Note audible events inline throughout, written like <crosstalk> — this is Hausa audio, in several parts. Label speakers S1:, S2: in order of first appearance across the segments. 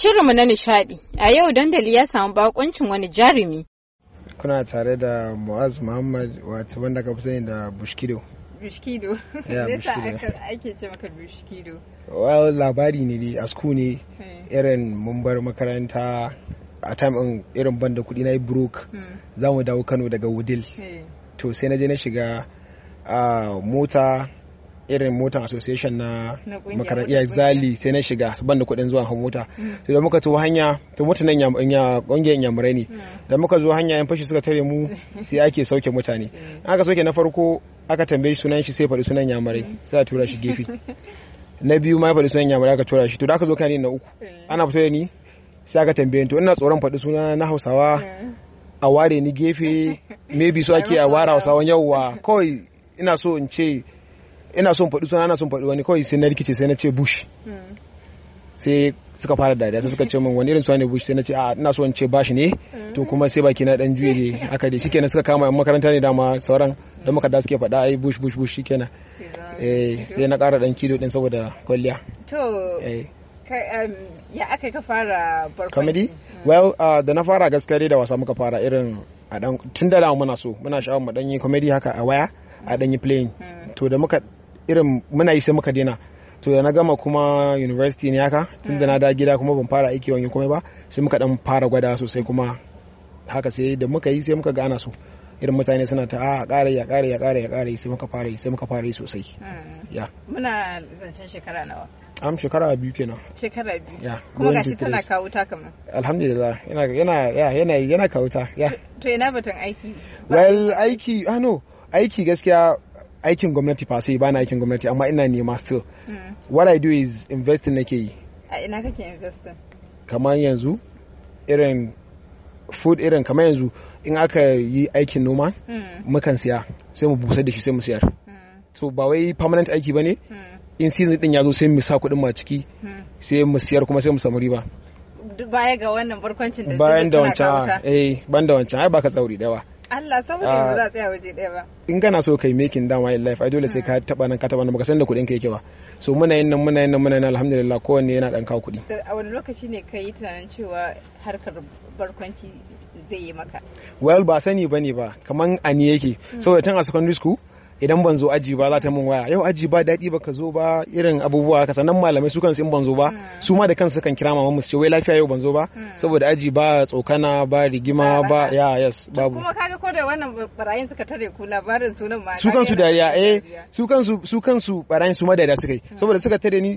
S1: Shirinmu na nishadi a yau dandali ya samu bakoncin wani jarumi. Kuna tare da Mu'az Muhammad wato wanda ka fi sani da Bushkido. Bushkido. Ya <laughs> Bushkido. ake ce maka Bushkido. Well labari ne dai asku ne irin mun bar makaranta a time in irin ban da kuɗi na yi Brook, hmm. za mu dawo Kano daga Wudil. To sai na je na shiga ah, mota irin mota association na makarar iya zali sai na shiga su banda kuɗin zuwa mota sai da muka tuwa hanya ta mota nan ƙungiyar yamurai ne hmm. da muka zuwa hanya yan fashi suka tare mu <laughs> sai ake sauke mutane hmm. aka sauke na farko aka tambaye sunan shi sai faɗi sunan yamurai hmm. sai a tura shi gefe <laughs> na biyu ma ya faɗi sunan yamurai aka tura shi to da aka zo kani na uku ana fito da ni sai aka tambaye to ina tsoron faɗi suna na hausawa a ware ni gefe <laughs> maybe so ake a ware hausawan yawwa kawai ina so in ce ina son faɗi suna ana son faɗi wani kawai sai na rikice sai na ce bush sai suka fara dariya sai suka ce min wani irin suna ne bush sai na ce a ina so in ce bashi ne to kuma sai baki na dan juye aka dai shikenan suka kama yan makaranta ne dama sauran dan muka suke faɗa ai bush bush bush shikenan eh sai na ƙara dan kido din saboda kwalliya to eh. um, ya aka ka fara barkwanci comedy hmm. well uh, da na fara gaskiya da wasa muka fara irin a dan tun da muna so muna sha'awar mu dan yi comedy haka a waya a dan yi playing hmm. to da muka irin muna yi sai muka daina to yana na gama kuma university ne haka tun da na da gida kuma ban fara aiki wani komai ba sai muka dan fara gwada sosai kuma haka sai da muka yi sai muka gana su so irin mutane suna ta a kare ya kare ya kare ya kare sai muka fara yi sai muka fara yi sosai hmm. ya muna zancen shekara nawa am shekara biyu kenan shekara biyu kuma gashi tana kawo ta kamar alhamdulillah yana yana yana yana kawo ta ya to ina batun aiki well aiki ah no aiki gaskiya aikin gwamnati fa sai bana aikin gwamnati amma ina nema still hmm. what i do is investing nake yi a ina kake investing kamar yanzu irin food irin kamar yanzu in aka yi aikin noma hmm. mukan siya sai mu busar da shi sai mu siyar hmm. so ba wai permanent aiki bane in season din ya zo sai mu sa kuɗin ma ciki sai mu siyar kuma sai mu samu riba baya ga wannan barkwancin da bayan da wancan eh ban da wancan ai baka tsauri da yawa Allah saboda ah, ba za a tsaya waje ɗaya ba in kana so kai making dama in life ai dole sai ka taba nan ka taba nan baka san da kuɗin ka yake ba so muna yin nan muna yin nan muna yin alhamdulillah kowanne yana dan kawo kuɗi a wani lokaci ne ka yi tunanin cewa harkar barkwanci zai yi maka well ba sani bane ba kaman ani yake mm. saboda tun a secondary school idan ban zo aji ba za ta mun waya yau aji ba daɗi ba ka zo ba irin abubuwa ka sannan malamai su kansu in ban zo ba mm. su ma da kansu kan kira mama su ce wai lafiya yau ban zo ba mm. saboda aji ba tsokana ba rigima ba ya yes babu kuma kaga ko da wannan barayin suka tare ku labarin sunan ma su kansu dariya eh su kansu su kansu barayin su ma dariya suka yi mm. saboda suka tare ni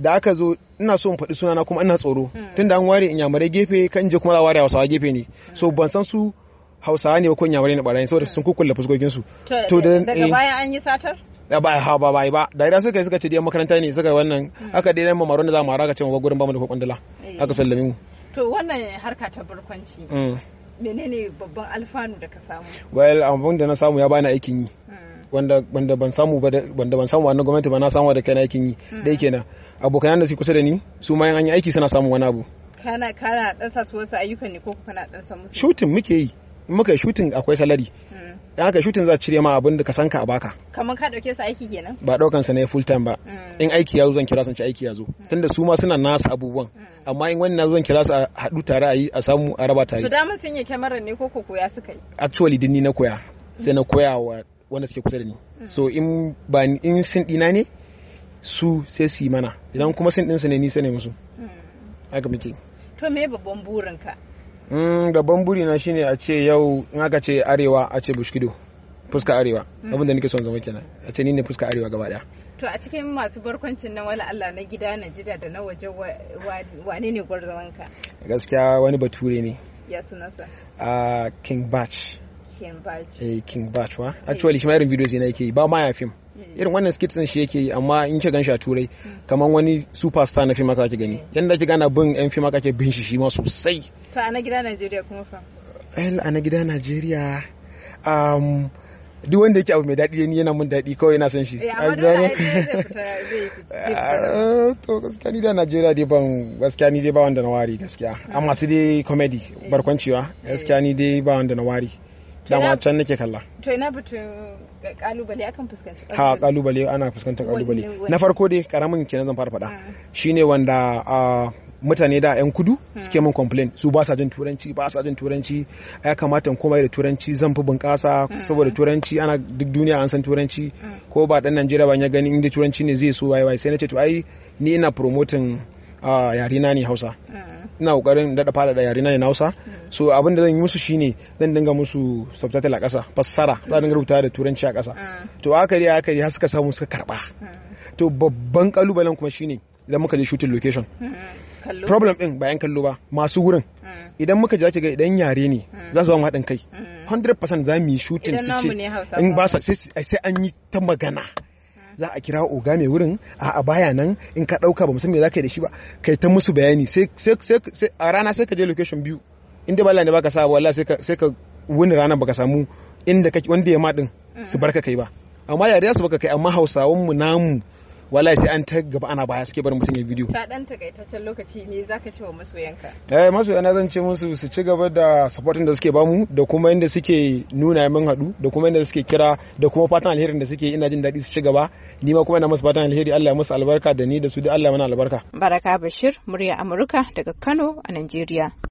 S1: da aka zo ina so in faɗi sunana kuma ina tsoro tunda an ware in yamare gefe kan je kuma za a ware wasa gefe ne so ban san su hausawa ne ba ko inyamurai ne barayin saboda sun kukkulle fuskokin su to daga eh. baya an yi satar ba ha ba ba ba da idan suka suka ce dai makaranta ne suka wannan hmm. aka dai mu maron da za mu hara ka ce mu gurin ba mu da kwandala eh. aka sallame mu to wannan harka ta barkwanci hmm. menene babban alfanu da ka samu well abun da na samu ya bani aikin yi hmm. wanda wanda ban samu ba wanda ban samu wannan gwamnati ba na samu da kana aikin yi dai kenan abokan da su kusa da ni su ma an yi aiki suna samun wani abu kana kana dan sa su wasu ayyukan ne ko kana dan samu musu shooting muke yi in muka shooting akwai salari hmm. in aka shooting za a cire ma abin da ka sanka ka a baka kamar ka dauke su aiki kenan ba daukan sa ne full time ba hmm. in aiki ya zo zan kira sun ci aiki ya zo hmm. tunda su ma suna nasu abubuwan amma in wani na zan kira su a hadu tare a yi a samu a raba tare su dama sun yi kyamarar ne ko ko koya suka yi actually din ni na koya sai na koya wa wanda suke kusa da ni so in ba in sun dina ne su sai su yi mana idan kuma sun din su ne ni sai ne musu haka muke to me babban burinka gaban mm, buri na shine a ce yau in aka ce arewa a ce bushkido fuska arewa mm. abin da nake son zama kenan a ce ni ne fuska arewa gaba daya to a cikin masu barkwancin na wala Allah na gida na jida da na waje wane ne gwarzawanka gaskiya wani bature ne ya sunansa a king batch king batch eh king batch wa actually shi ma irin videos ne yake ba ma ya film irin wannan skit din shi yake yi amma in ki gan shi a turai kamar wani superstar na fim aka ki gani mm. yanda ki gana bin yan fim aka ke bin shi shi ma sosai to a na gida Najeriya kuma fa a na gida Najeriya um, duk wanda yake abu mai daɗi ni yana mun daɗi kawai yana son shi to gaskiya ni da najeriya dai ban gaskiya ni dai ba wanda na wari gaskiya mm. amma su dai comedy eh. barkwancewa gaskiya ni dai ba wanda na wari dama can nake kalla to ina batu kalubale akan fuskanci ha kalubale ana fuskanta kalubale na farko dai karamin kenan zan fara faɗa ah. shine wanda mutane da 'yan kudu hmm. suke min complain su ba sa jin turanci ba sa jin turanci ya kamata koma da turanci zan fi bunƙasa hmm. saboda turanci ana duk duniya an san turanci hmm. ko ba dan Najeriya ba ya gani inda turanci ne zai so wai wai sai na ce to ai ni ina promoting na ne Hausa ina kokarin dada fara da yare na Hausa so abin da zan yi musu shine zan dinga musu subtitle a ƙasa fassara za dinga rubuta da turanci a ƙasa ah. to aka dai aka dai har suka samu suka karba ah. to babban kalubalen kuma shine idan muka je shooting location hmm. problem din bayan kallo ba masu wurin hmm. idan muka je ga idan yare ne hmm. za su ba mu haɗin kai 100% za mu yi shooting su ce in ba sai an yi ta magana za a kira oga mai wurin a baya nan in ka dauka ba musamman me zaka yi da shi ba kai ta musu bayani a rana sai ka je location biyu inda ba balla ba ka sa wallahi sai ka sai ka wani rana baka samu inda wanda ya ma din su mm. barka kai ba amma yare su baka kai amma hausawan mu namu wallahi sai an ta gaba ana baya suke barin mutum ya bidiyo ta dan takaitaccen lokaci me zaka ce wa masoyanka eh masoyana zan ce musu su ci gaba da supporting da suke bamu da kuma inda suke nuna min hadu da kuma inda suke kira da kuma fatan alherin da suke ina jin daɗi su ci gaba ni ma kuma ina musu fatan alheri Allah ya musu albarka da ni da su da Allah mana albarka baraka bashir murya amurka daga Kano a Najeriya